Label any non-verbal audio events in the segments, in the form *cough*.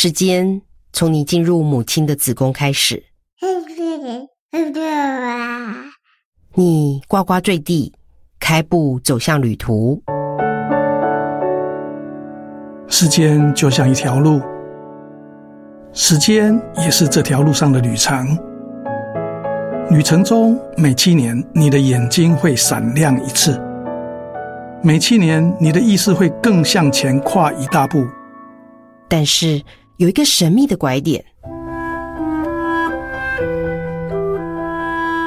時間從你進入母親的子宮開始，你呱呱墜地，開步走向旅途。時間就像一條路，時間也是這條路上的旅程。旅程中每七年，你的眼睛會閃亮一次；每七年，你的意識會更向前跨一大步。但是。有一個神秘的拐點，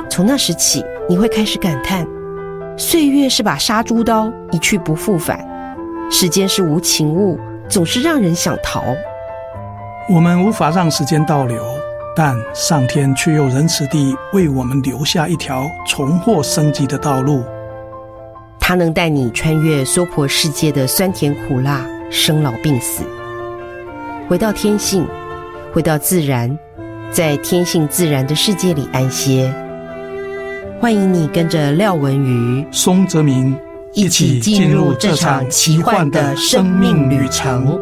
從那時起，你會開始感嘆：歲月是把殺豬刀，一去不復返；時間是無情物，總是讓人想逃。我們無法讓時間倒流，但上天卻又仁慈地為我們留下一條重獲生機的道路。它能帶你穿越娑婆世界的酸甜苦辣、生老病死。回到天性，回到自然，在天性自然的世界裡安歇。歡迎你跟着廖文瑜、松澤明一起進入這場奇幻的生命旅程。旅程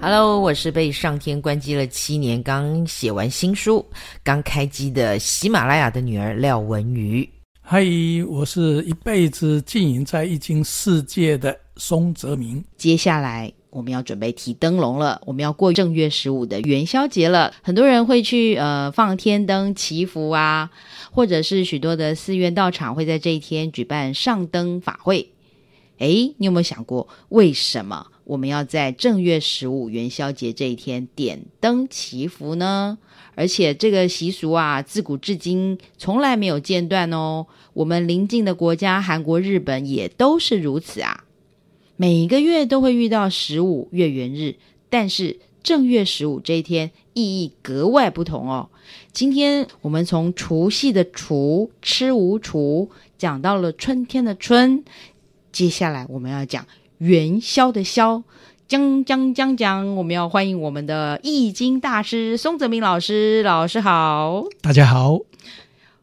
Hello，我是被上天關機了七年，剛寫完新書、剛開機的喜馬拉雅的女兒廖文瑜。嗨，Hi, 我是一輩子浸淫在易經世界的松澤明。接下來我們要準備提燈籠了，我們要過正月十五的元宵節了。很多人會去呃放天燈祈福啊，或者是許多的寺院道場會在這一天舉辦上燈法會。誒，你有沒有想過，為什麼我們要在正月十五元宵節這一天點燈祈福呢？而且這個習俗啊，自古至今從來沒有間斷哦。我們鄰近的國家韓國、日本也都是如此啊，每一個月都會遇到十五月圓日，但是正月十五這一天意義格外不同哦。今天我們從除夕的“除”，吃無除，講到了春天的“春”，接下來我們要講元宵的“宵”。鏘鏘鏘鏘，我們要歡迎我們的易經大師松澤明老師。老師好，大家好。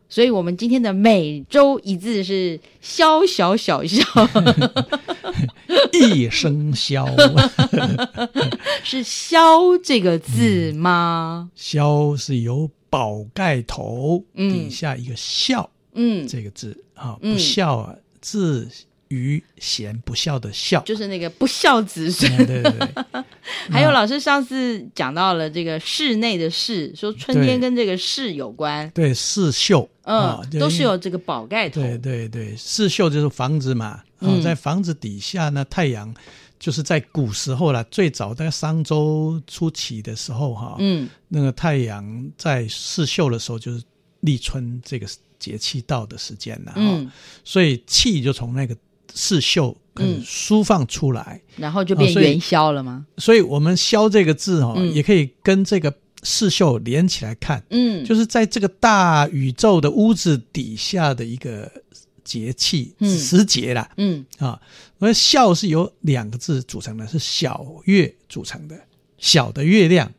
所以，我們今天的每周一字是“宵小小，小，小笑”，一聲蕭“宵”， *laughs* *laughs* 是“宵”這個字嗎？“宵、嗯”是由寶蓋頭底下一個“肖」嗯，這個字啊、哦，不宵」啊、嗯、字。愚賢不孝的孝，就是那個不孝子、嗯。對對對。 *laughs* 還有老師上次講到了這個室內的室，嗯、說春天跟這個室有關。對，對，室宿，嗯、哦，都是有這個寶蓋頭。對對對，室宿就是房子嘛、哦。在房子底下呢，太陽就是在古時候了，嗯、最早在商周初期的時候哈，嗯，那個太陽在室宿的時候，就是立春這個節氣到的時間了、嗯哦、所以氣就從那個。刺繡跟舒放出來、嗯，然後就變元宵了嗎？啊、所以，所以我們“宵”這個字哦，也可以跟這個刺繡連起來看。嗯，就是在這個大宇宙的屋子底下的一個節氣時節啦、嗯。嗯，啊，因為“宵”是由兩個字組成的，是小月組成的，小的月亮。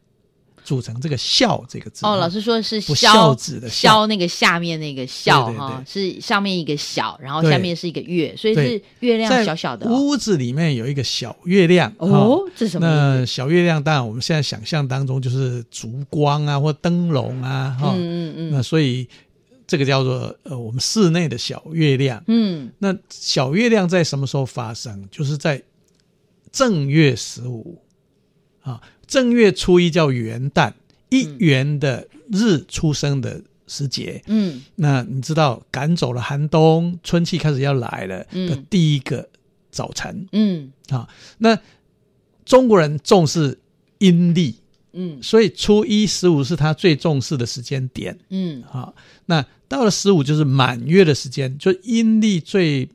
組成這個“肖”這個字哦，老師說是“肖”不肖子的“肖”，肖那個下面那個“肖”哈、哦，是上面一個“小”，然後下面是一個“月”，對所以是月亮小小的屋子裡面有一個小月亮哦,哦，這是什麼意思？那小月亮當然我們現在想象當中就是燭光啊或燈籠啊哈，哦、嗯嗯嗯，那所以這個叫做呃我們室內的小月亮，嗯，那小月亮在什麼時候發生？就是在正月十五。啊，正月初一叫元旦，一元的日出生的時節，嗯，嗯，那你知道趕走了寒冬，春季開始要來了的第一個早晨，嗯，嗯，啊，那中國人重視陰曆，嗯，所以初一十五是他最重視的時間點，嗯，啊，那到了十五就是滿月的時間，就陰曆最。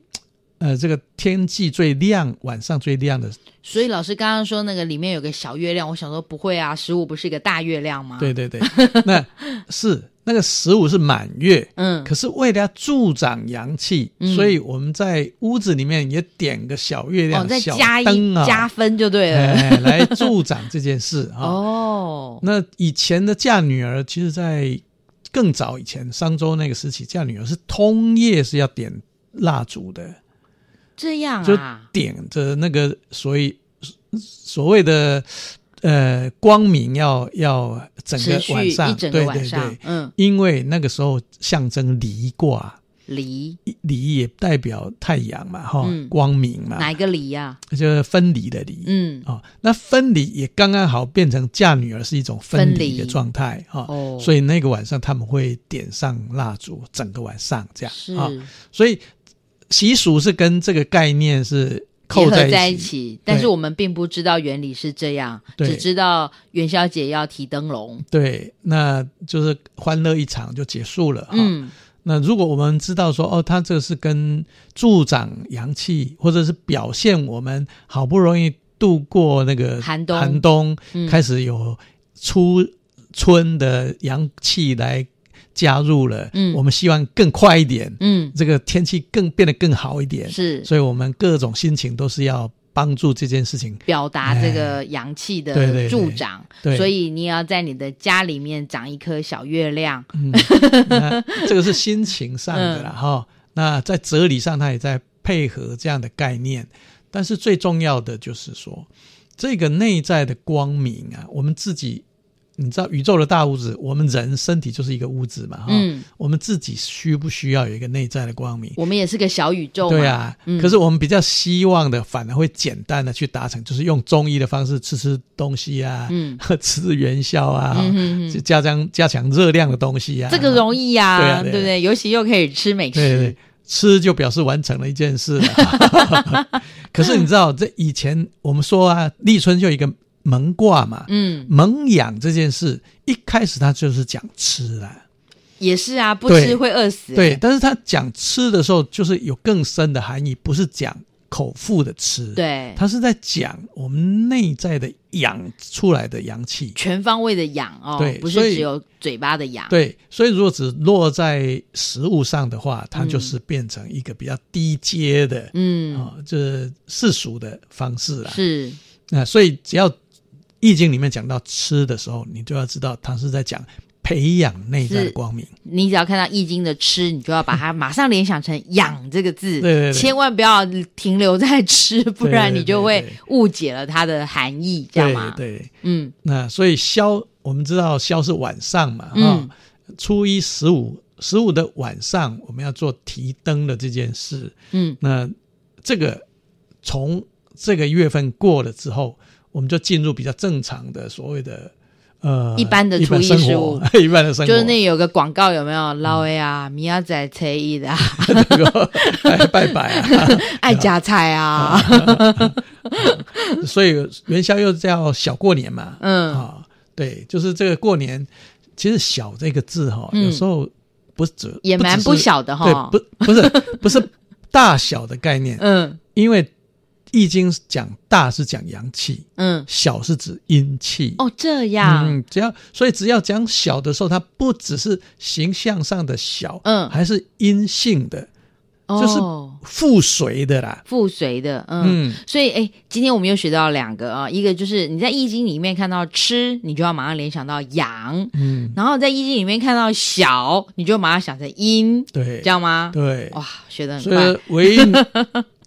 呃，這個天際最亮，晚上最亮的。所以老師剛剛說那個裡面有個小月亮，我想說不會啊，十五不是一個大月亮嗎？對對對， *laughs* 那是那個十五是滿月。嗯，可是為了要助長陽氣，嗯、所以我們在屋子裡面也點個小月亮，哦、加小燈啊、哦，加分就對了、哎，來助長這件事哦， *laughs* 哦那以前的嫁女兒，其實在更早以前，商周那個時期，嫁女兒是通夜是要點蠟燭的。這樣啊，就點着那個所，所以所謂的呃光明要要整個晚上，晚上對對對，嗯，因為那個時候象徵離卦，離離離也代表太陽嘛，哈、哦，嗯、光明嘛。哪一個離呀、啊？就是分離的離，嗯、哦、那分離也剛剛好變成嫁女兒是一種分離的狀態哈，離哦、所以那個晚上他們會點上蠟燭，整個晚上這樣啊是、哦，所以。習俗是跟這個概念是扣在一起，對但是我們並不知道原理是這樣，對只知道元宵節要提燈籠。對，那就是歡樂一場就結束了啊、嗯哦。那如果我們知道說，哦，它這個是跟助長陽氣，或者是表現我們好不容易度過那個寒冬，寒冬、寒冬、嗯、開始有初春的陽氣來。加入了，嗯，我們希望更快一點，嗯，這個天氣更變得更好一點，是，所以我們各種心情都是要幫助這件事情，表達這個陽氣的助長，哎、對對對對，所以你也要在你的家裡面長一顆小月亮，嗯、這個是心情上的啦哈、嗯哦。那在哲理上，他也在配合這樣的概念，但是最重要的就是說，這個內在的光明啊，我們自己。你知道宇宙的大屋子，我們人身體就是一個屋子嘛哈。我們自己需不需要有一個內在的光明？我們也是個小宇宙。對啊。嗯。可是我們比較希望的，反而會簡單的去達成，就是用中醫的方式吃吃東西啊，嗯，吃元宵啊，嗯嗯，加強加強熱量的東西啊。這個容易呀。對啊。對不對？尤其又可以吃美食。對對。吃就表示完成了一件事。哈哈哈哈哈。可是你知道，這以前我們說啊，立春就一個蒙卦嘛，嗯，蒙養這件事一開始他就是講吃的，也是啊，不吃會餓死，欸對。對，但是他講吃的時候，就是有更深的含義，不是講口腹的吃，對，他是在講我們內在的養出來的陽氣，全方位的養哦，對，不是只有嘴巴的養。對，所以如果只落在食物上的話，它就是變成一個比較低階的，嗯，啊、哦，就是世俗的方式了。是，那所以只要。易經裡面講到吃的時候，你就要知道它是在講培養內在的光明。你只要看到易經的吃，你就要把它馬上聯想成養這個字， *laughs* 對對對，千萬不要停留在吃，不然你就會誤解了它的含義，對對對對，這樣嗎？對，對，嗯，那所以宵，我們知道宵是晚上嘛，嗯，初一十五，十五的晚上我們要做提燈的這件事，嗯，那這個從這個月份過了之後。我們就進入比較正常的所謂的呃一般的初一十五，初一般的一般的生活就是，那有個廣告有沒有？撈呀、啊，米阿仔菜意的、啊 *laughs* *laughs* 哎，拜拜啊， *laughs* 愛加菜啊。所以元宵又叫小過年嘛，嗯、哦、啊，對，就是這個過年其實“小”這個字哈，嗯、有時候不，不是也蠻不小的哈、哦，不不是不是大小的概念，嗯，因為。易經講大是講陽氣，嗯，小是指陰氣哦，這樣，嗯，只要所以只要講小的時候，它不只是形象上的小，嗯，還是陰性的，就是附隨的啦，附隨的，嗯，所以哎，今天我們又學到兩個啊，一個就是你在易經裡面看到吃，你就要馬上聯想到陽，嗯，然後在易經裡面看到小，你就馬上想成陰，對，這樣嗎？對，哇，學得很快，唯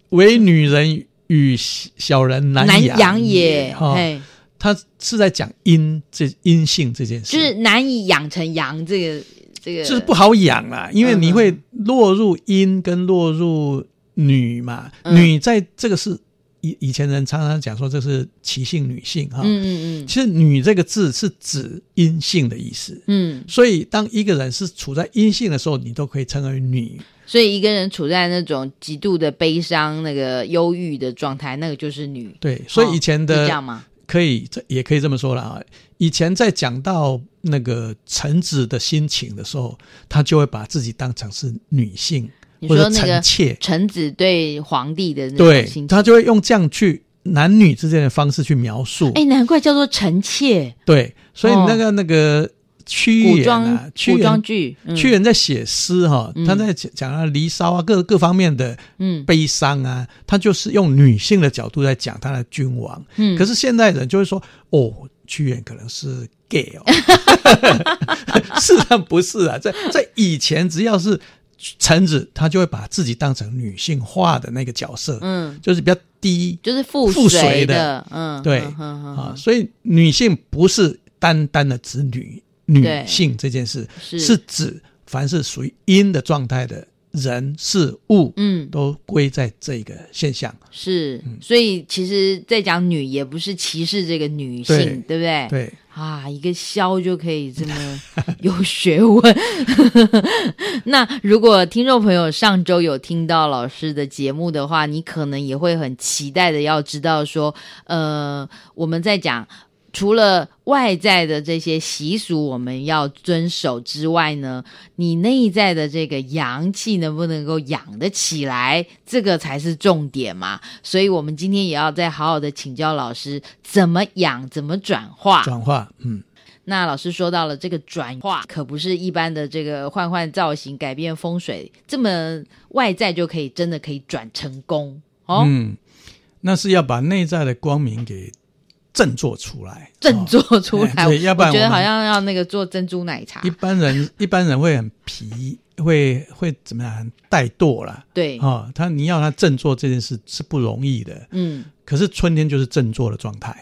唯女人。與小人難養也，哎、哦，嘿他是在講陰這陰性這件事，就是難以養成陽這個這個，這個、就是不好養啊，因為你會落入陰跟落入女嘛，嗯、女在這個是。以以前人常常講說這是奇性女性哈，嗯嗯嗯，其實“女”這個字是指陰性的意思，嗯，所以當一個人是處在陰性的時候，你都可以稱為女。所以一個人處在那種極度的悲傷、那個憂鬱的狀態，那個就是女。對，所以以前的、哦、可以，這可以這也可以這麼說了啊，以前在講到那個臣子的心情的時候，他就會把自己當成是女性。你說那個臣妾，臣子對皇帝的那種，對，他就會用這樣去男女之間的方式去描述。哎，難怪叫做臣妾。對，所以那個那個屈原啊，古裝劇，屈原在寫詩哈，他在講講啊他的《離騷》啊，各各方面的嗯悲傷啊，他就是用女性的角度在講他的君王。嗯，可是現代人就會說，哦，屈原可能是 gay，是啊，不是啊，在在以前只要是。臣子，他就會把自己當成女性化的那個角色，嗯，就是比較低，就是附隨的，附隨的，嗯，對，呵呵呵啊，所以女性不是單單的指女女性這件事，對，是，是指凡是屬於陰的狀態的。人事物，嗯，都歸在這個現象。嗯、是，所以其實，在講女也不是歧視這個女性，對，對不對？對啊，一個肖就可以這麼有學問。 *laughs* *laughs* 那如果聽眾朋友上周有聽到老師的節目的話，你可能也會很期待的，要知道說，呃，我們在講。除了外在的這些習俗我們要遵守之外呢，你內在的這個陽氣能不能夠養得起來，這個才是重點嘛。所以，我們今天也要再好好的請教老師，怎麼養，怎麼轉化？轉化，嗯。那老師說到了這個轉化，可不是一般的這個換換造型、改變風水這麼外在就可以，真的可以轉成功哦。嗯，那是要把內在的光明給。振作出來，哦、振作出來！嗯、要不然我，我覺得好像要那個做珍珠奶茶。一般人一般人會很皮，會會怎麼樣？很怠惰了。對啊、哦。他你要他振作這件事是不容易的，嗯。可是春天就是振作的狀態，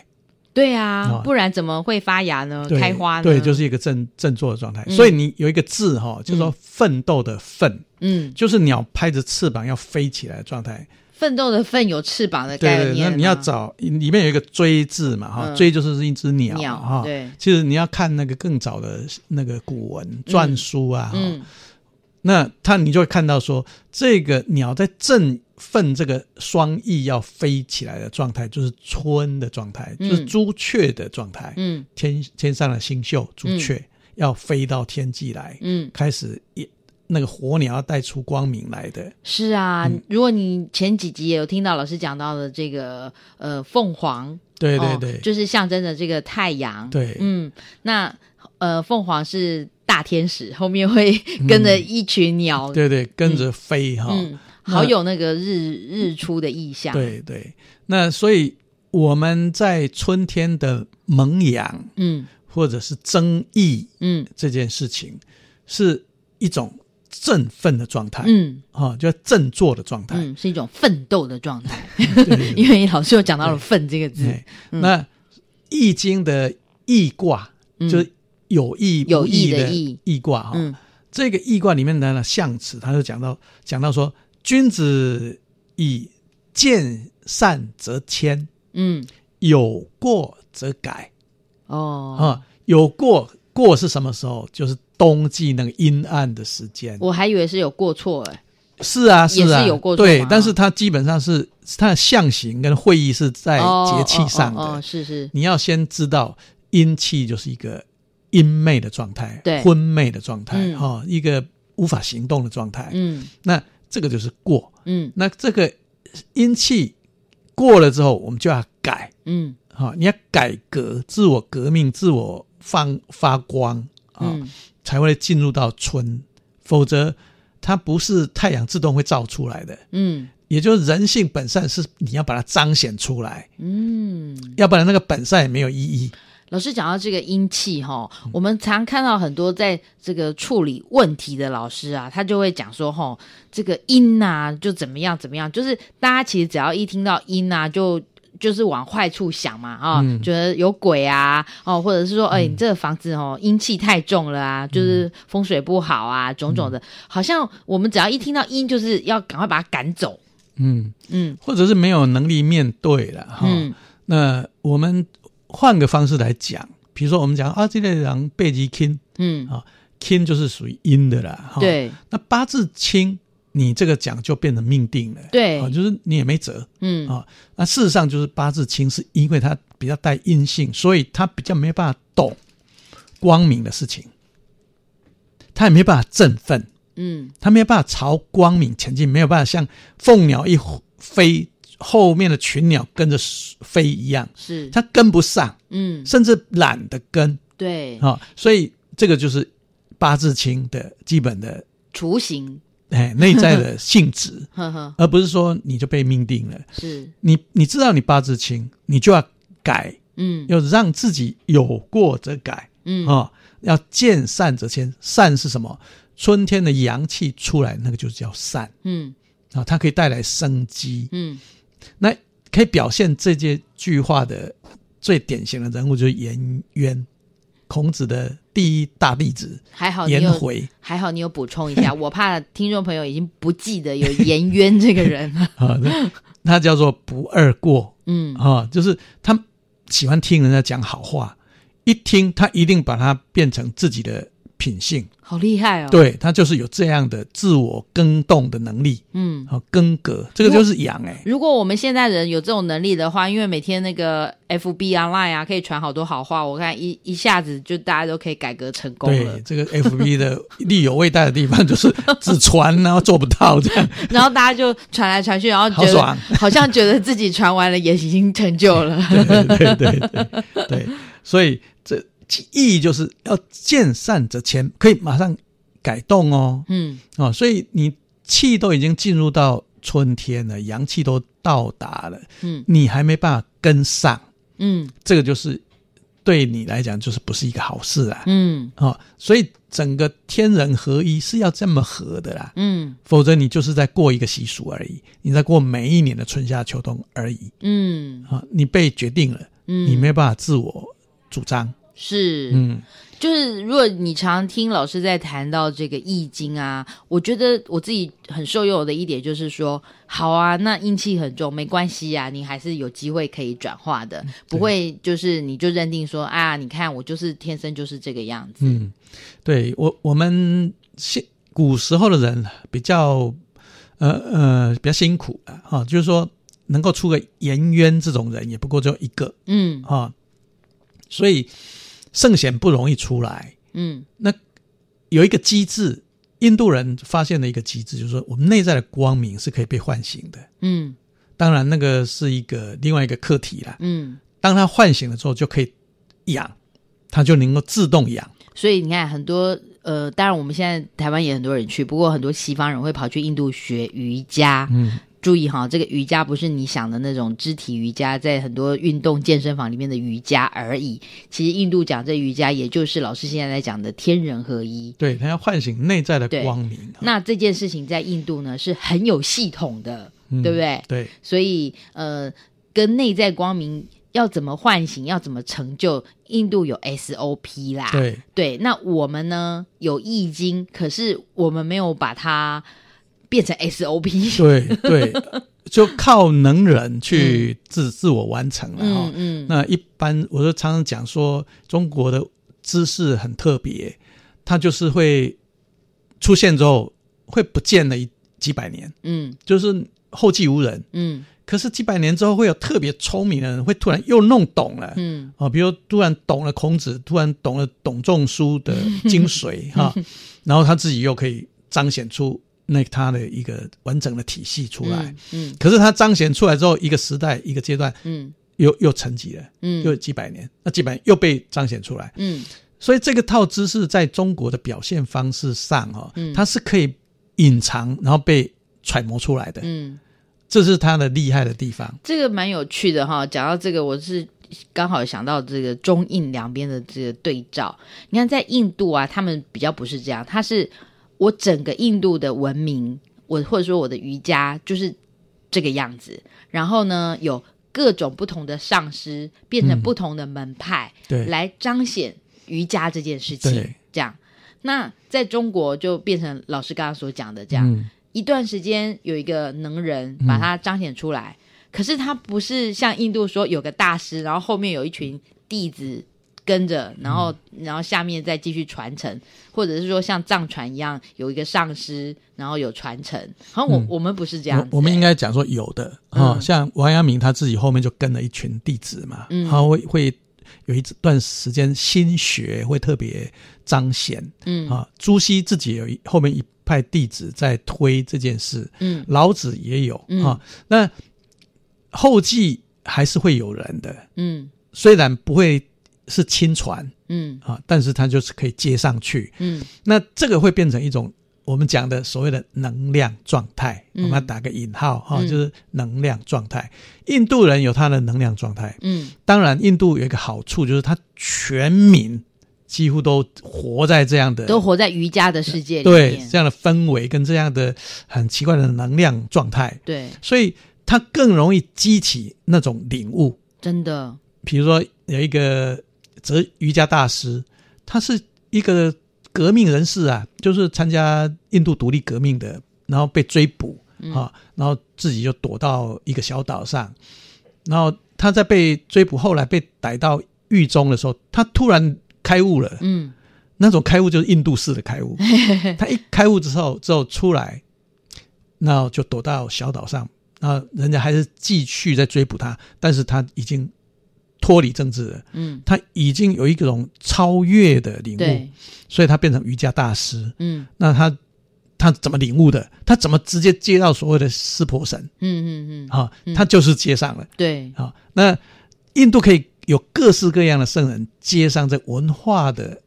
對啊，哦、不然怎麼會發芽呢？對開花呢？對，就是一個振振作的狀態。嗯、所以你有一個字哈，就、哦、說奮鬥的奮，嗯，就是鳥拍着翅膀要飛起來的狀態。奮鬥的奮，有翅膀的概念對對，你要找、哦、裡面有一個“隹”字嘛，哈、呃，隹就是一只鳥，哈，對。其實你要看那個更早的那個古文篆、嗯、書啊，嗯、那他你就會看到說，這個鳥在振奮這個雙翼要飛起來的狀態，就是春的狀態，就是朱雀的狀態，嗯，天天上的星宿朱雀、嗯、要飛到天際來，嗯，開始一。那個火鳥要帶出光明來的，是啊。嗯、如果你前幾集也有聽到老師講到的這個呃鳳凰，對對對、哦，就是象徵着這個太陽，對，嗯。那呃鳳凰是大天使，後面會跟着一群鳥，嗯、對對，跟着飛哈、嗯哦嗯，好有那個日、嗯、日出的意象，對對。那所以我們在春天的萌芽，嗯，或者是增益，嗯，這件事情、嗯、是一種。振奮的狀態，嗯，哦、就叫振作的狀態，嗯，是一種奮鬥的狀態。嗯、對對對 *laughs* 因為你老師又講到了“奮”這個字。對嗯嗯、那《易經》的易卦就是有易、不易的易易卦哈。哦嗯、這個易卦裡面的象辭他就講到，講到說：“君子以見善則遷，嗯，有過則改。”哦，啊，有過過是什麼時候？就是。冬季那個陰暗的時間，我還以為是有過錯哎、欸啊，是啊，也是有過錯。對，但是它基本上是它的象形跟會意是在節氣上的哦哦哦哦，是是。你要先知道陰氣就是一個陰昧的狀態，對，昏昧的狀態，哈、嗯哦，一個無法行動的狀態。嗯，那這個就是過，嗯，那這個陰氣過了之後，我們就要改，嗯，哈、哦，你要改革，自我革命，自我放發光啊。哦嗯才會進入到春，否則它不是太陽自動會照出來的。嗯，也就是人性本善是你要把它彰顯出來。嗯，要不然那個本善也沒有意義。老師講到這個陰氣哈，我們常看到很多在這個處理問題的老師啊，他就會講說：哈，這個陰啊，就怎麼樣怎麼樣，就是大家其實只要一聽到陰啊，就。就是往壞處想嘛，啊、哦，嗯、覺得有鬼啊，哦，或者是說，哎、欸，你這個房子哦，陰氣、嗯、太重了啊，就是風水不好啊，嗯、種種的，好像我們只要一聽到陰，就是要趕快把它趕走。嗯嗯，嗯或者是沒有能力面對了，哈。嗯、那我們換個方式來講，比如說我們講啊，這類、個、人八字輕，嗯啊，輕就是屬於陰的了，哈。對。那八字輕。你這個講就變成命定了，對、哦，就是你也沒轍，嗯啊、哦，那事實上就是八字輕，是因為它比較帶陰性，所以他比較沒有辦法懂光明的事情，他也沒辦法振奮，嗯，他沒有辦法朝光明前進，沒有辦法像鳳鳥一飛，後面的群鳥跟着飛一樣，是他跟不上，嗯，甚至懶得跟，對，啊、哦，所以這個就是八字輕的基本的雛形。哎，內在的性質， *laughs* 而不是說你就被命定了。是， *laughs* 你你知道你八字輕，你就要改，嗯是，要讓自己有過則改，嗯啊、哦，要見善則遷，善是什麼？春天的陽氣出來，那個就叫善，嗯啊、哦，它可以帶來生機，嗯，那可以表現這些句話的最典型的人物就是顏淵。孔子的第一大弟子，還好你有，顏回，還好你有補充一下， *laughs* 我怕聽眾朋友已經不記得有顏淵這個人了。啊、 *laughs* 哦，他叫做不貳過，嗯啊、哦，就是他喜歡聽人家講好話，一聽他一定把它變成自己的。品性好厲害哦！對，他就是有這樣的自我更動的能力，嗯，好更革，這個就是養哎、欸。如果我們現在人有這種能力的話，因為每天那個 F B online 啊，可以傳好多好話，我看一一下子就大家都可以改革成功了。對，這個 F B 的力有偉大的地方，就是只傳 *laughs* 然後做不到這樣，然後大家就傳來傳去，然後覺得好爽 *laughs* 好像覺得自己傳完了也已經成就了。對 *laughs* 對對對對，對所以。意義就是要見善則遷，可以馬上改動哦。嗯，哦，所以你氣都已經進入到春天了，陽氣都到達了，嗯，你還沒辦法跟上，嗯，這個就是對你來講就是不是一個好事啊。嗯，哦，所以整個天人合一是要這麼合的啦。嗯，否則你就是在過一個習俗而已，你在過每一年的春夏秋冬而已。嗯，啊，哦，你被決定了，嗯，你沒辦法自我主張。是，嗯，就是如果你常聽老師在談到這個《易經》啊，我覺得我自己很受用的一點就是說，好啊，那陰氣很重沒關係呀，啊，你還是有機會可以轉化的，不會就是你就認定說對啊，你看我就是天生就是這個樣子。嗯，對我我們現古時候的人比較，呃呃比較辛苦的哈，哦，就是說能夠出個顏淵這種人也不過就一個，嗯啊，哦，所以。聖賢不容易出來，嗯，那有一個機制，印度人發現的一個機制，就是說我們內在的光明是可以被喚醒的，嗯，當然那個是一個另外一個課題了，嗯，當它喚醒了之後，就可以養，它就能夠自動養。所以你看，很多呃，當然我們現在台灣也很多人去，不過很多西方人會跑去印度學瑜伽，嗯。注意哈，這個瑜伽不是你想的那種肢體瑜伽，在很多運動健身房裡面的瑜伽而已。其實印度講這瑜伽，也就是老師現在在講的天人合一。對，他要喚醒內在的光明。那這件事情在印度呢是很有系統的，嗯、對不對？對，所以呃，跟內在光明要怎麼喚醒，要怎麼成就，印度有 SOP 啦。對對，那我們呢有易經，可是我們沒有把它。變成 SOP，對對，就靠能人去自 *laughs* 自，自我完成了哈。嗯嗯、那一般我就常常講說，中國的知識很特別，它就是會出現之後會不見了一幾百年，嗯，就是後繼無人，嗯。可是幾百年之後會有特別聰明的人，會突然又弄懂了，嗯啊，比如突然懂了孔子，突然懂了董仲舒的精髓哈， *laughs* 然後他自己又可以彰顯出。那它的一個完整的體系出來，嗯，嗯可是它彰顯出來之後，一個時代一個階段，嗯，又又沉寂了，嗯，又幾百年，那幾百年又被彰顯出來，嗯，所以這個套知識在中國的表現方式上，哦，嗯，它是可以隱藏，然後被揣摩出來的，嗯，這是它的厲害的地方。這個蠻有趣的哈，講到這個，我是剛好想到這個中印兩邊的這個對照。你看，在印度啊，他們比較不是這樣，他是。我整個印度的文明，我或者說我的瑜伽就是這個樣子。然後呢，有各種不同的上師，變成不同的門派，嗯、對，來彰顯瑜伽這件事情。對這樣，那在中國就變成老師剛剛所講的這樣：嗯、一段時間有一個能人把它彰顯出來，嗯、可是他不是像印度說有個大師，然後後面有一群弟子。跟着，然後，然後下面再繼續傳承，嗯、或者是說像藏傳一樣有一個上師，然後有傳承。好、啊嗯、我我們不是這樣子，欸我，我們應該講說有的啊，哦嗯、像王陽明他自己後面就跟了一群弟子嘛，嗯、他會會有一段時間心學會特別彰顯，嗯、哦、朱熹自己有一後面一派弟子在推這件事，嗯，老子也有啊、嗯哦，那後繼還是會有人的，嗯，雖然不會。是親傳，嗯啊，但是它就是可以接上去，嗯，那這個會變成一種我們講的所謂的能量狀態，嗯、我們要打個引號哈、嗯哦，就是能量狀態。印度人有他的能量狀態，嗯，當然印度有一個好處就是他全民幾乎都活在這樣的，都活在瑜伽的世界裡面，對，這樣的氛圍跟這樣的很奇怪的能量狀態，對、嗯，所以他更容易激起那種領悟，真的，譬如說有一個。則瑜伽大師，他是一個革命人士啊，就是參加印度獨立革命的，然後被追捕啊，嗯，然後自己就躲到一個小島上，然後他在被追捕，後來被逮到獄中的時候，他突然開悟了，嗯，那種開悟就是印度式的開悟。他一開悟之後，之後出來，那就躲到小島上，那人家還是繼續在追捕他，但是他已經。脫離政治的，嗯，他已經有一種超越的領悟，嗯、所以他變成瑜伽大師，嗯，那他他怎麼領悟的？他怎麼直接接到所謂的濕婆神？嗯嗯嗯，哈、嗯嗯哦，他就是接上了，嗯、對，哈、哦，那印度可以有各式各樣的聖人接上在文化的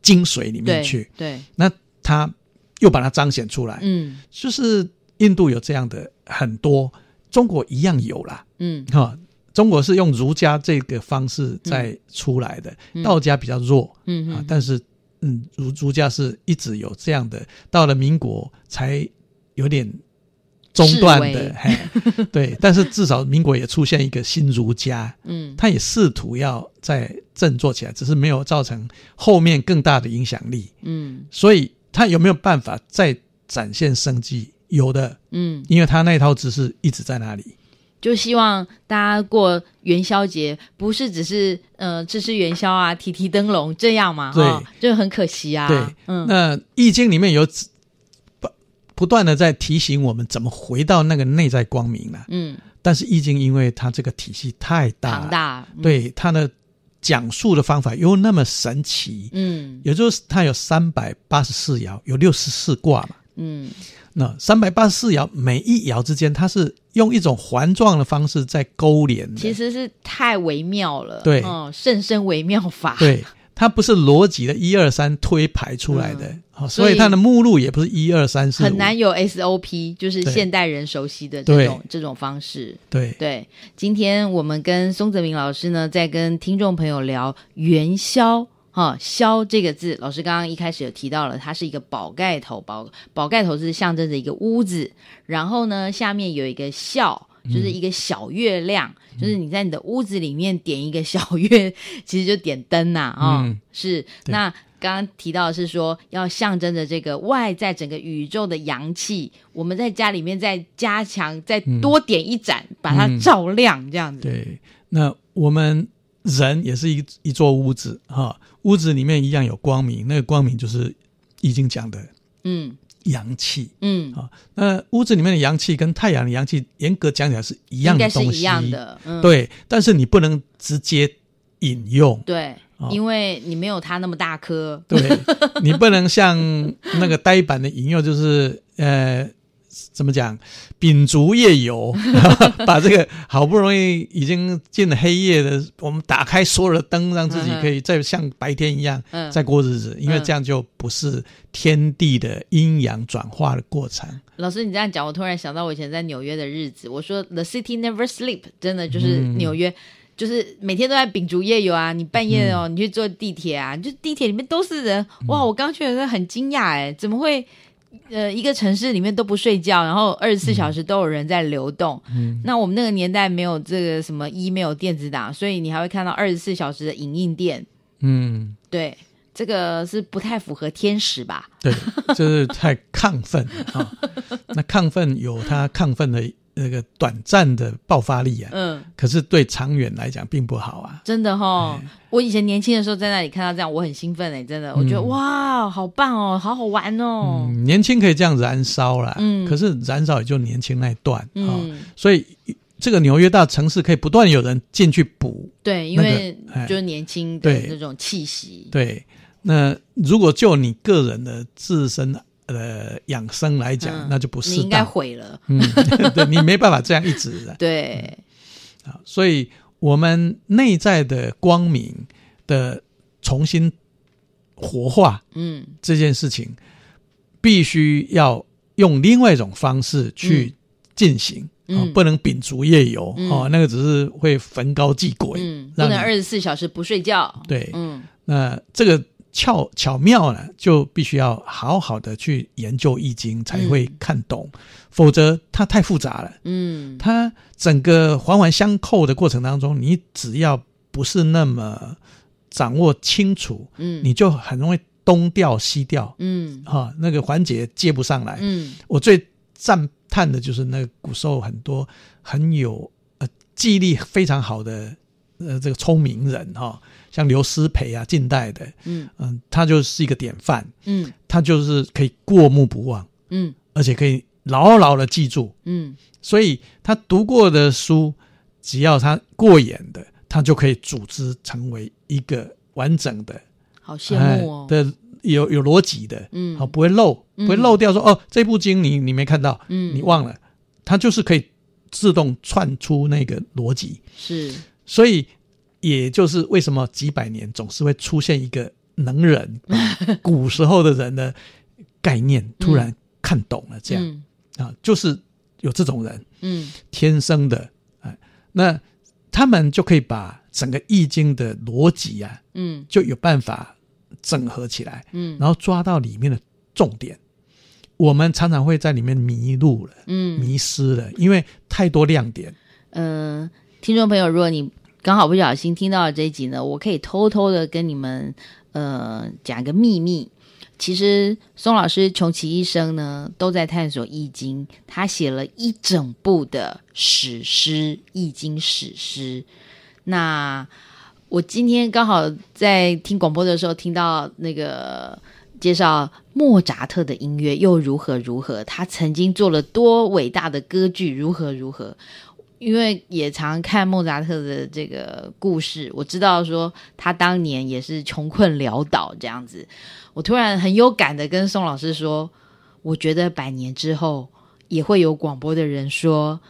精髓裡面去，對，對那他又把它彰顯出來，嗯，就是印度有這樣的很多，中國一樣有啦。嗯，哈、哦。中國是用儒家這個方式在出來的，嗯、道家比較弱，嗯啊，但是，嗯，儒儒家是一直有這樣的，到了民國才有點中斷的，為嘿，對， *laughs* 但是至少民國也出現一個新儒家，嗯，他也試圖要再振作起來，只是沒有造成後面更大的影響力，嗯，所以他有沒有辦法再展現生機？有的，嗯，因為他那套知識一直在那裡。就希望大家過元宵節，不是只是呃，吃吃元宵啊，提提燈籠這樣嘛，對、哦，就很可惜啊。對，嗯，那《易經》裡面有不不斷的在提醒我們怎麼回到那個內在光明了、啊。嗯，但是《易經》因為它這個體系太大，龐大，嗯、對，它的講述的方法又那麼神奇，嗯，也就是它有三百八十四爻，有六十四卦嘛。嗯，那三百八十四爻每一爻之間，它是用一種環狀的方式在勾連的，其實是太微妙了，對、嗯，甚深微妙法，對，它不是邏輯的一二三推排出來的、嗯哦，所以它的目錄也不是一二三四，很難有 SOP，就是現代人熟悉的這種對這種方式，對對，對，今天我們跟松澤明老師呢在跟聽眾朋友聊元宵。哦，宵這個字，老師剛剛一開始有提到了，它是一個寶蓋頭，寶寶蓋頭是象徵着一個屋子，然後呢，下面有一個「肖」，就是一個小月亮，嗯、就是你在你的屋子裡面點一個小月，其實就點燈吶，啊，哦嗯、是。對，那剛剛提到的是說要象徵着這個外在整個宇宙的陽氣，我們在家裡面再加強，再多點一盞，嗯、把它照亮，這樣子。對，那我們。人也是一一座屋子哈、哦，屋子裡面一樣有光明，那個光明就是易經講的嗯，嗯，陽氣、哦，嗯，那屋子裡面的陽氣跟太陽的陽氣，嚴格講起來是一樣的東西，是一樣的，嗯、對，但是你不能直接引用，對，哦、因為你沒有它那麼大顆，對，你不能像那個呆板的引用，就是呃。怎麼講？秉燭夜遊， *laughs* *laughs* 把這個好不容易已經進了黑夜的，我們打開所有的燈，讓自己可以再像白天一樣，嗯，再過日子。嗯嗯、因為這樣就不是天地的陰陽轉化的過程。老師，你這樣講，我突然想到我以前在紐約的日子。我說，The city never sleep，真的就是紐約，嗯、就是每天都在秉燭夜遊啊。你半夜哦，嗯、你去坐地鐵啊，就地鐵裡面都是人。嗯、哇，我剛去的時候很驚訝，哎，怎麼會？呃，一個城市裡面都不睡覺，然後二十四小時都有人在流動。嗯，那我們那個年代沒有這個什麼一沒有電子檔，所以你還會看到二十四小時的影印店。嗯，對，這個是不太符合天時吧？對，就是太亢奮啊、 *laughs* 哦。那亢奮有它亢奮的。那個短暫的爆發力啊，嗯，可是對長遠來講並不好啊。真的哈、哦，哎、我以前年輕的時候在那裡看到這樣，我很興奮哎、欸，真的，我覺得、嗯、哇，好棒哦，好好玩哦。嗯、年輕可以這樣燃燒啦，嗯，可是燃燒也就年輕那一段，嗯、哦，所以這個紐約大城市，可以不斷有人進去補、那個，對，因為就是年輕的那種氣息、哎對。對，那如果就你個人的自身呃，養生來講，嗯、那就不是應該毀了。嗯呵呵，對，你沒辦法這樣一直、啊。 *laughs* 對，啊、嗯，所以我們內在的光明的重新活化，嗯，這件事情、嗯、必須要用另外一種方式去進行，啊、嗯哦，不能秉燭夜遊，嗯、哦，那個只是會焚膏繼晷，嗯，讓你不能二十四小時不睡覺。對，嗯，那、呃、這個。巧巧妙了，就必須要好好的去研究《易經》才會看懂，嗯、否則它太複雜了。嗯，它整個環環相扣的過程當中，你只要不是那麼掌握清楚，嗯，你就很容易東調西調，嗯，哈、哦，那個環節接不上來。嗯，我最讚歎的就是那個古時候很多很有、呃、記憶力非常好的，呃，這個聰明人哈。哦像劉師培啊，近代的，嗯、呃、嗯，他就是一個典範，嗯，他就是可以過目不忘，嗯，而且可以牢牢的記住，嗯，所以他讀過的書，只要他過眼的，他就可以組織成為一個完整的，好羨慕哦，呃、的有有邏輯的，嗯，好不會漏，不會漏掉說、嗯、哦這部經你你沒看到，嗯，你忘了，他就是可以自動串出那個邏輯，是，所以。也就是為什麼幾百年總是會出現一個能人， *laughs* 古時候的人的概念、嗯、突然看懂了，這樣、嗯、啊，就是有這種人，嗯，天生的、啊，那他們就可以把整個《易經》的邏輯啊，嗯，就有辦法整合起來，嗯，然後抓到裡面的重點。嗯、我們常常會在裡面迷路了，嗯，迷失了，因為太多亮點。嗯、呃，聽眾朋友，如果你。剛好不小心聽到這一集呢，我可以偷偷的跟你們，呃，講一個秘密。其實，宋老師窮其一生呢，都在探索《易經》，他寫了一整部的史詩《易經史詩》那，那我今天剛好在聽廣播的時候，聽到那個介紹莫扎特的音樂又如何如何，他曾經做了多偉大的歌劇，如何如何。因為也常看莫扎特的這個故事，我知道說他當年也是窮困潦倒這樣子。我突然很有感的跟宋老師說，我覺得百年之後也會有廣播的人說，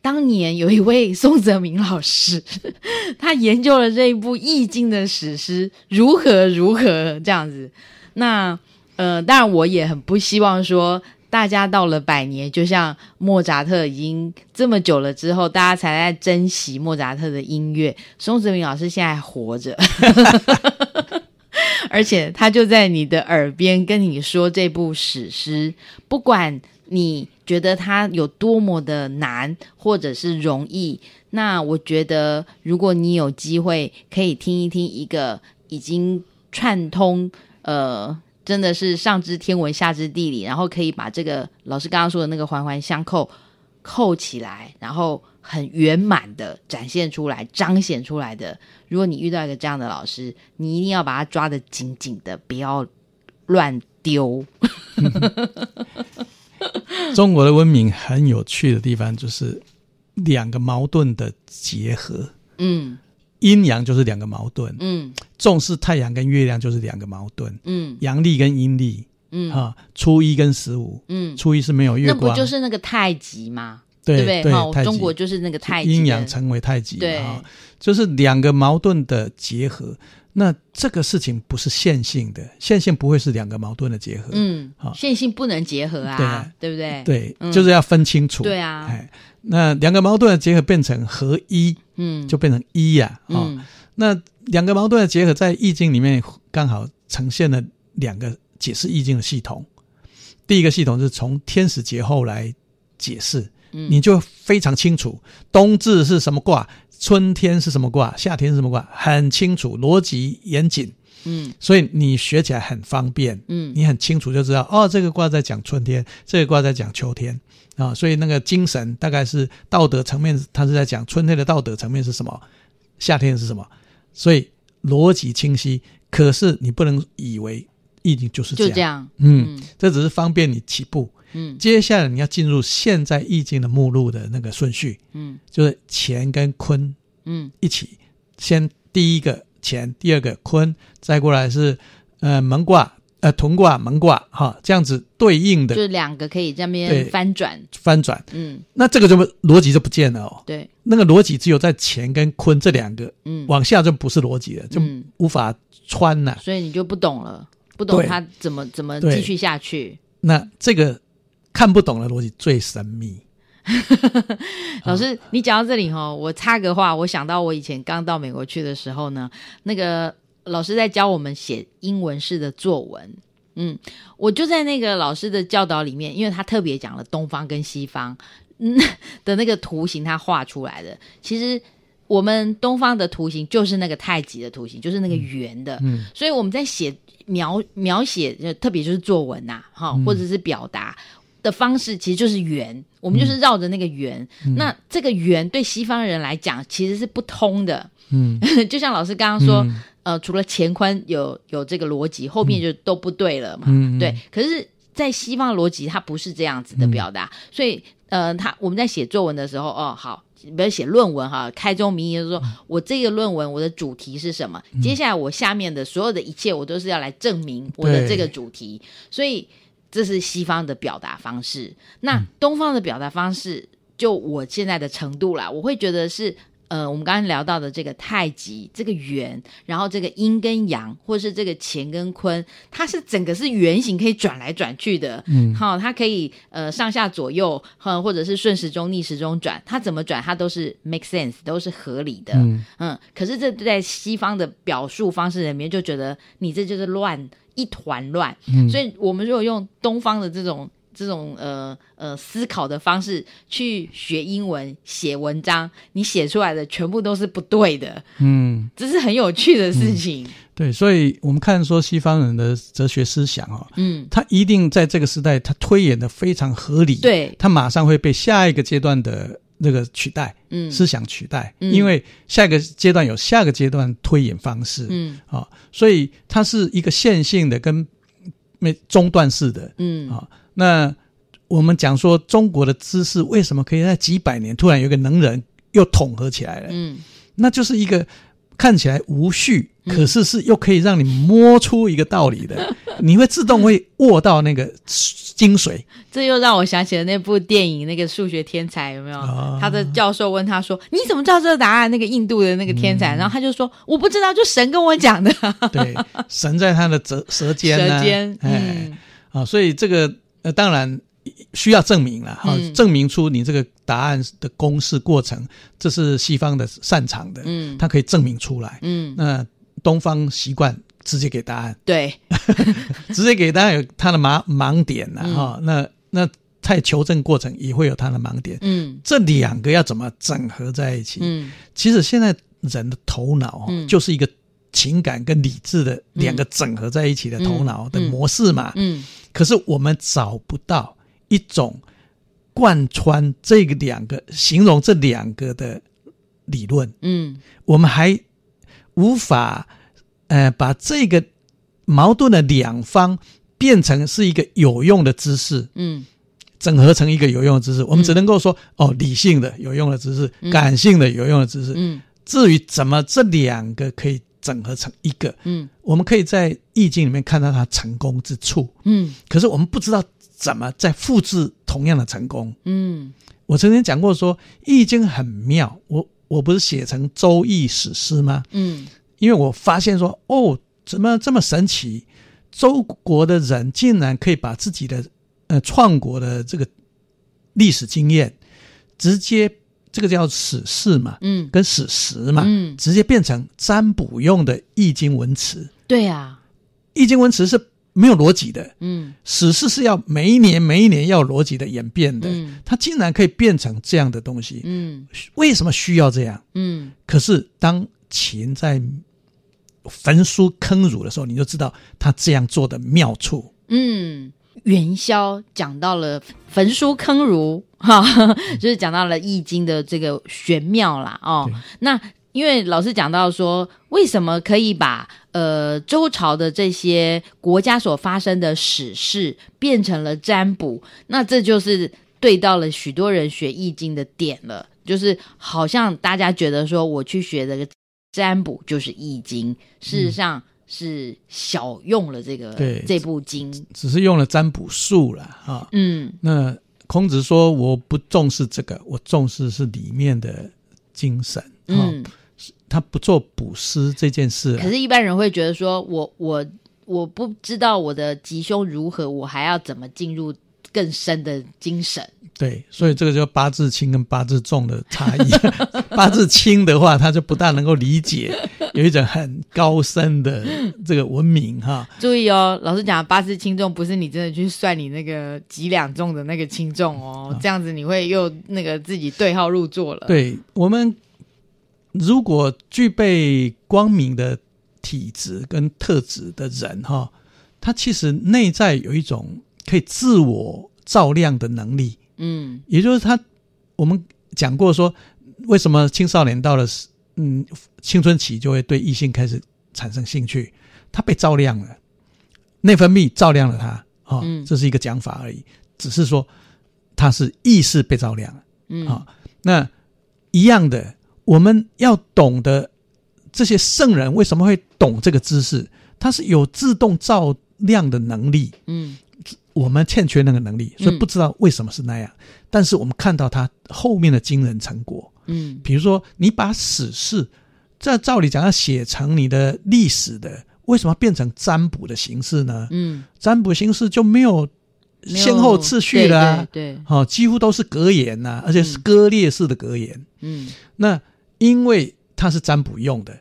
當年有一位宋澤民老師呵呵，他研究了這一部易經的史詩如何如何這樣子。那呃，當然我也很不希望說。大家到了百年，就像莫扎特已經這麼久了之後，大家才在珍惜莫扎特的音樂。松澤明老師現在還活着， *laughs* *laughs* 而且他就在你的耳邊跟你說這部史詩。不管你覺得它有多麼的難，或者是容易，那我覺得如果你有機會可以聽一聽一個已經串通呃。真的是上知天文下知地理，然後可以把這個老師剛剛說的那個環環相扣扣起來，然後很圓滿的展現出來、彰顯出來的。如果你遇到一個這樣的老師，你一定要把他抓得緊緊的，不要亂丟。嗯。中國的文明很有趣的地方就是兩個矛盾的結合。嗯。陰陽就是兩個矛盾，嗯，重視太陽跟月亮就是兩個矛盾，嗯，陽曆跟陰曆，嗯，哈，初一跟十五，嗯，初一是沒有月光。那不就是那個太極嗎？對對，中國就是那個太極。陰陽成為太極，對，就是兩個矛盾的結合。那這個事情不是線性的，線性不會是兩個矛盾的結合，嗯，好，線性不能結合啊，對不對？對，就是要分清楚，對啊，那兩個矛盾的結合變成合一，嗯，就變成一呀，啊，啊，嗯，哦，那兩個矛盾的結合在易經裡面剛好呈現了兩個解釋易經的系統。第一個系統是從天時節候來解釋，嗯、你就非常清楚冬至是什麼卦，春天是什麼卦，夏天是什麼卦，很清楚，邏輯嚴謹。嗯，所以你學起來很方便，嗯，你很清楚就知道，嗯、哦，這個卦在講春天，這個卦在講秋天，啊，所以那個精神大概是道德層面，它是在講春天的道德層面是什麼，夏天是什麼，所以邏輯清晰。可是你不能以為《易經》就是這樣，這樣嗯，嗯，這只是方便你起步，嗯，接下來你要進入現在《易經》的目錄的那個順序，嗯，就是乾跟坤，嗯，一起先第一個。乾第二個坤，再過來是，呃，蒙卦，呃，屯卦蒙卦，哈，這樣子對應的，就兩個可以這邊翻轉，翻轉，嗯，那這個就邏輯就不見了哦，對，那個邏輯只有在乾跟坤這兩個，嗯，往下就不是邏輯了，就無法穿了、啊嗯，所以你就不懂了，不懂它怎麼對怎麼繼續下去，那這個看不懂的邏輯最神秘。 *laughs* 老師，哦、你講到這裡哈，我插個話，我想到我以前剛到美國去的時候呢，那個老師在教我們寫英文式的作文，嗯，我就在那個老師的教導裡面，因為他特別講了東方跟西方，的那個圖形他畫出來的，其實我們東方的圖形就是那個太極的圖形，就是那個圓的，嗯嗯、所以我們在寫描描寫，特別就是作文吶、啊，哈，或者是表達。嗯的方式其實就是圓，我們就是繞着那個圓。嗯、那這個圓對西方人來講其實是不通的。嗯， *laughs* 就像老師剛剛說，嗯、呃，除了乾坤有有這個邏輯，後面就都不對了嘛。嗯嗯、對。可是，在西方邏輯，它不是這樣子的表達。嗯、所以，呃，他我們在寫作文的時候，哦，好，比如寫論文哈。開宗明義就是說我這個論文我的主題是什麼，嗯、接下來我下面的所有的一切我都是要來證明我的這個主題。對所以。這是西方的表達方式，那東方的表達方式，就我現在的程度啦，嗯、我會覺得是，呃，我們剛剛聊到的這個太極，這個圓，然後這個陰跟陽，或是這個乾跟坤，它是整個是圓形，可以轉來轉去的，嗯，好，它可以呃上下左右，哼、嗯，或者是順時鐘逆時鐘轉，它怎麼轉，它都是 make sense，都是合理的，嗯，嗯，可是這在西方的表述方式裡面，就覺得你這就是亂。一團亂，嗯，所以我們如果用東方的這種這種呃呃思考的方式去學英文寫文章，你寫出來的全部都是不對的。嗯，這是很有趣的事情。嗯，對，所以我們看說西方人的哲學思想哦，嗯，他一定在這個時代他推演的非常合理，對，他馬上會被下一個階段的。那個取代，嗯，思想取代，嗯，因為下一個階段有下個階段推演方式，嗯啊，哦，所以它是一個線性的跟沒中斷式的，嗯啊，哦，那我們講說中國的知識為什麼可以在幾百年突然有一個能人又統合起來了，嗯，那就是一個看起來無序。可是是又可以讓你摸出一個道理的，你會自動會握到那個精髓。 *laughs* 這又讓我想起了那部電影，那個數學天才有沒有？哦、他的教授問他說：“你怎麼知道這個答案？”那個印度的那個天才，嗯、然後他就說：“我不知道，就神跟我講的。 *laughs* ”對，神在他的舌尖、啊、舌尖、嗯、哎，啊、哦，所以這個呃，當然需要證明了啊，哦嗯、證明出你這個答案的公式過程，這是西方的擅長的，嗯，他可以證明出來，嗯、呃，那。東方習慣直接給答案，對， *laughs* 直接給答案有他的盲盲點呢、啊、哈、嗯哦。那那太求證過程也會有他的盲點，嗯，這兩個要怎麼整合在一起？嗯，其實現在人的頭腦、啊嗯、就是一個情感跟理智的兩個整合在一起的頭腦的模式嘛，嗯，嗯嗯可是我們找不到一種貫穿這個兩個形容這兩個的理論，嗯，我們還。無法，呃，把這個矛盾的兩方變成是一個有用的知識，嗯，整合成一個有用的知識。嗯，我們只能夠說，哦，理性的有用的知識，感性的有用的知識。嗯，至於怎麼這兩個可以整合成一個，嗯，我們可以在《易經》裡面看到它成功之處，嗯。可是我們不知道怎麼再複製同樣的成功，嗯。我曾經講過，說《易經》很妙，我。我不是寫成《周易》史詩嗎？嗯，因為我發現說，哦，怎麼這麼神奇？周國的人竟然可以把自己的，呃，創國的這個歷史經驗，直接這個叫史詩嘛，嗯，跟史實嘛，嗯，直接變成占卜用的《易經》文辭。對呀，《易經》文辭是。沒有邏輯的，嗯，史事是要每一年每一年要邏輯的演變的，嗯，它竟然可以變成這樣的東西，嗯，為什麼需要這樣？嗯，可是當秦在焚書坑儒的時候，你就知道他這樣做的妙處，嗯，元宵講到了焚書坑儒，哈，就是講到了《易經》的這個玄妙啦，哦，對那。因為老師講到說，為什麼可以把呃周朝的這些國家所發生的史事變成了占卜？那這就是對到了許多人學易經的點了，就是好像大家覺得說，我去學這個占卜就是易經，事實上是小用了這個、嗯、這部經，只，只是用了占卜術了哈、哦、嗯，那孔子說我不重視這個，我重視是裡面的精神。哦、嗯。他不做卜師這件事、啊，可是，一般人會覺得說，我我我不知道我的吉凶如何，我還要怎麼進入更深的精神？對，所以這個就八字輕跟八字重的差異。 *laughs* 八字輕的話，他就不大能夠理解有一種很高深的這個文明哈。 *laughs* 注意哦，老師講的八字輕重不是你真的去算你那個幾兩重的那個輕重哦，啊、這樣子你會又那個自己對號入座了。對我們。如果具備光明的體質跟特質的人，哈，他其實內在有一種可以自我照亮的能力，嗯，也就是他，我們講過說，為什麼青少年到了，嗯，青春期就會對異性開始產生興趣，他被照亮了，內分泌照亮了他，啊，哦，嗯，這是一個講法而已，只是說他是意識被照亮了，啊，嗯，哦，那一樣的。我們要懂得這些聖人為什麼會懂這個知識，他是有自動照亮的能力。嗯，我們欠缺那個能力，所以不知道為什麼是那樣。嗯、但是我們看到他後面的驚人成果。嗯，比如說你把史事，這照理講要寫成你的歷史的，為什麼變成占卜的形式呢？嗯，占卜形式就沒有先後次序的、啊，對，對，對，哈，幾乎都是格言吶、啊，而且是割裂式的格言。嗯，那。因為它是占卜用的，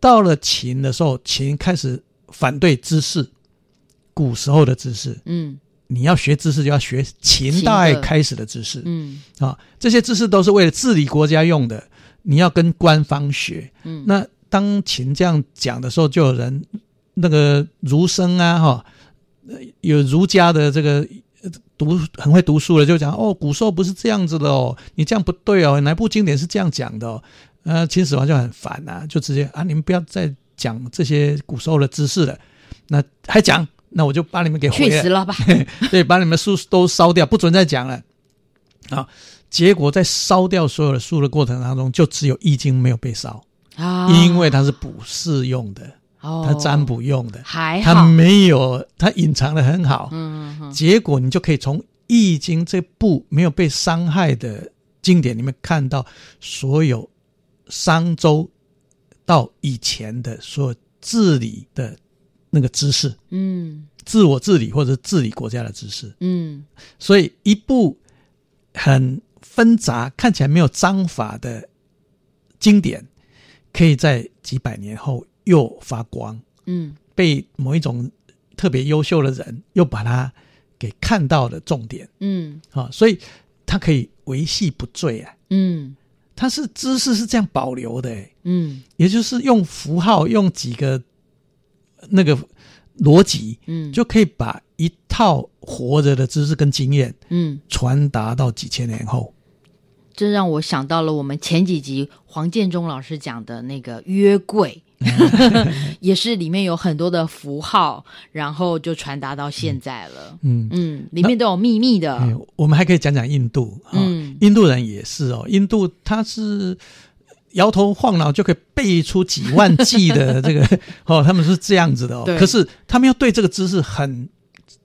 到了秦的時候，秦開始反對知識，古時候的知識，嗯，你要學知識就要學秦代開始的知識，嗯啊、哦，這些知識都是為了治理國家用的，你要跟官方學。嗯，那當秦這樣講的時候，就有人那個儒生啊，哈、哦，有儒家的這個。很會讀書的就講哦，古時候不是這樣子的哦，你這樣不對哦，哪部經典是這樣講的？哦。呃，秦始皇就很煩吶、啊，就直接啊，你們不要再講這些古時候的知識了。那還講？那我就把你們給了確實了吧？ *laughs* 對，把你們書都燒掉，不准再講了。啊、結果在燒掉所有的書的過程當中，就只有《易經》沒有被燒、哦、因為它是卜筮用的。他占卜用的，哦、還好，他沒有，他隱藏的很好。嗯，嗯嗯，結果你就可以從《易經》這部沒有被傷害的經典裡面看到所有商周到以前的所有治理的那個知識。嗯，自我治理或者治理國家的知識。嗯，所以一部很紛雜、看起來沒有章法的經典，可以在幾百年後。又發光，嗯，被某一種特別優秀的人又把它給看到的重點，嗯，好、哦，所以他可以維繫不墜。啊，嗯，他是知識是這樣保留的。欸，嗯，也就是用符號用幾個那個邏輯，嗯，就可以把一套活着的知識跟經驗，嗯，傳達到幾千年後。嗯，這讓我想到了我們前幾集黃建中老師講的那個約櫃。 *laughs* 也是裡面有很多的符號，然後就傳達到現在了。嗯嗯，裡面都有秘密的。嗯、我們還可以講講印度、哦、嗯，印度人也是哦，印度他是搖頭晃腦就可以背出幾萬句的這個 *laughs* 哦，他們是這樣子的哦。對可是他們要對這個知識很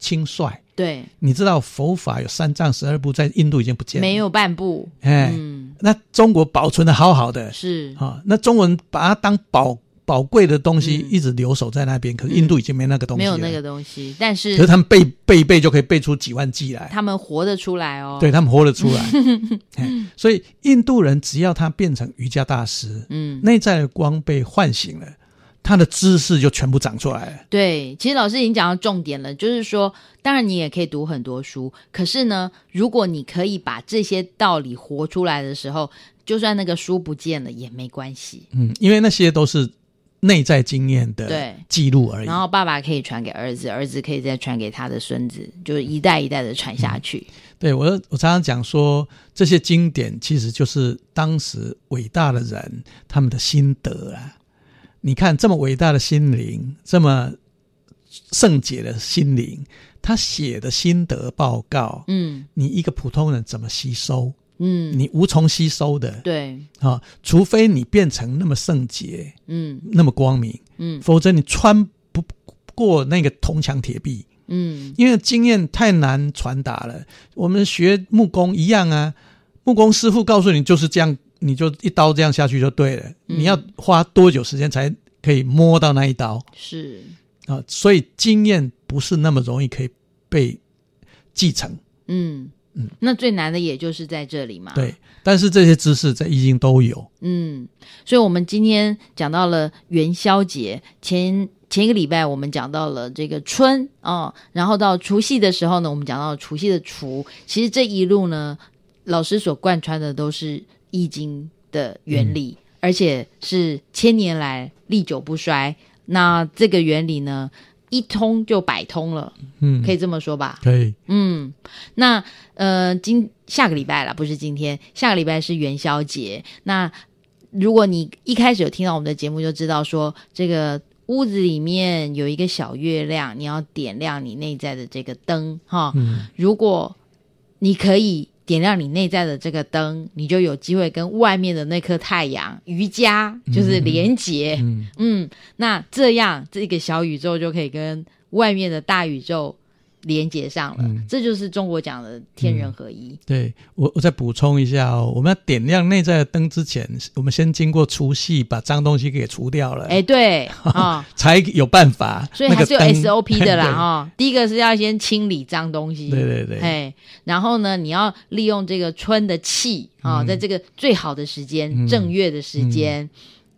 輕率。對，你知道佛法有三藏十二部，在印度已經不見了，沒有半部。哎、嗯，那中國保存的好好的是啊、哦，那中文把它當寶。寶貴的東西一直留守在那邊，嗯、可是印度已經沒那個東西了。嗯、沒有那個東西，但是可是他們背背一背就可以背出幾萬句來。他們活得出來哦。對，他們活得出來， *laughs* 所以印度人只要他變成瑜伽大師，嗯，內在的光被喚醒了，他的知識就全部長出來了。嗯、對，其實老師已經講到重點了，就是說，當然你也可以讀很多書，可是呢，如果你可以把這些道理活出來的時候，就算那個書不見了也沒關係。嗯，因為那些都是。內在經驗的記錄而已。然後爸爸可以傳給兒子，兒子可以再傳給他的孫子，就是一代一代的傳下去。嗯，對，我我常常講說，這些經典其實就是當時偉大的人，他們的心得啊。你看這麼偉大的心靈，這麼聖潔的心靈，他寫的心得報告，嗯，你一個普通人怎麼吸收？嗯，你無從吸收的。對，啊、哦，除非你變成那麼聖潔，嗯，那麼光明，嗯，否則你穿不過那個銅牆鐵壁，嗯，因為經驗太難傳達了。我們學木工一樣啊，木工師傅告訴你就是這樣，你就一刀這樣下去就對了。嗯、你要花多久時間才可以摸到那一刀？是啊、哦，所以經驗不是那麼容易可以被繼承。嗯。那最難的也就是在這裡嘛。對，但是這些知識在《易經》都有。嗯，所以我們今天講到了元宵節前前一個禮拜，我們講到了這個春啊、哦，然後到除夕的時候呢，我們講到了除夕的除。其實這一路呢，老師所貫穿的都是《易經》的原理，嗯、而且是千年來歷久不衰。那這個原理呢？一通就百通了，嗯，可以這麼說吧？可以，嗯，那呃，今下個禮拜啦，不是今天，下個禮拜是元宵節。那如果你一開始有聽到我們的節目，就知道說這個屋子裡面有一個小月亮，你要點亮你內在的這個燈，哈。嗯，如果你可以，點亮你內在的這個燈，你就有機會跟外面的那顆太陽，瑜伽，就是連結。嗯，嗯，嗯，那這樣這個小宇宙就可以跟外面的大宇宙。連接上了，這就是中國講的天人合一。對我，我再補充一下哦，我們要點亮內在的燈之前，我們先經過除夕，把髒東西給除掉了。哎，對，才有辦法，所以還是有 SOP 的啦，哈。第一個是要先清理髒東西，對對對，哎，然後呢，你要利用這個春的氣啊，在這個最好的時間，正月的時間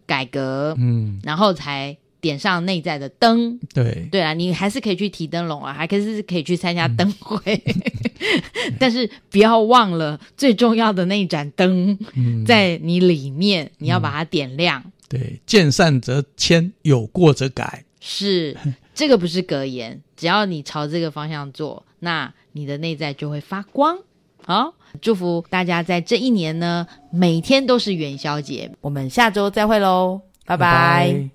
改革，嗯，然後才。點上內在的燈，對對啊，你還是可以去提燈籠啊，還可是可以去參加燈會，嗯、 *laughs* 但是不要忘了最重要的那一盞燈，嗯、在你裡面你要把它點亮、嗯。對，見善則遷，有過則改，是這個不是格言。只要你朝這個方向做，那你的內在就會發光。好，祝福大家在這一年呢，每天都是元宵節。我們下周再會嘍，拜拜。拜拜。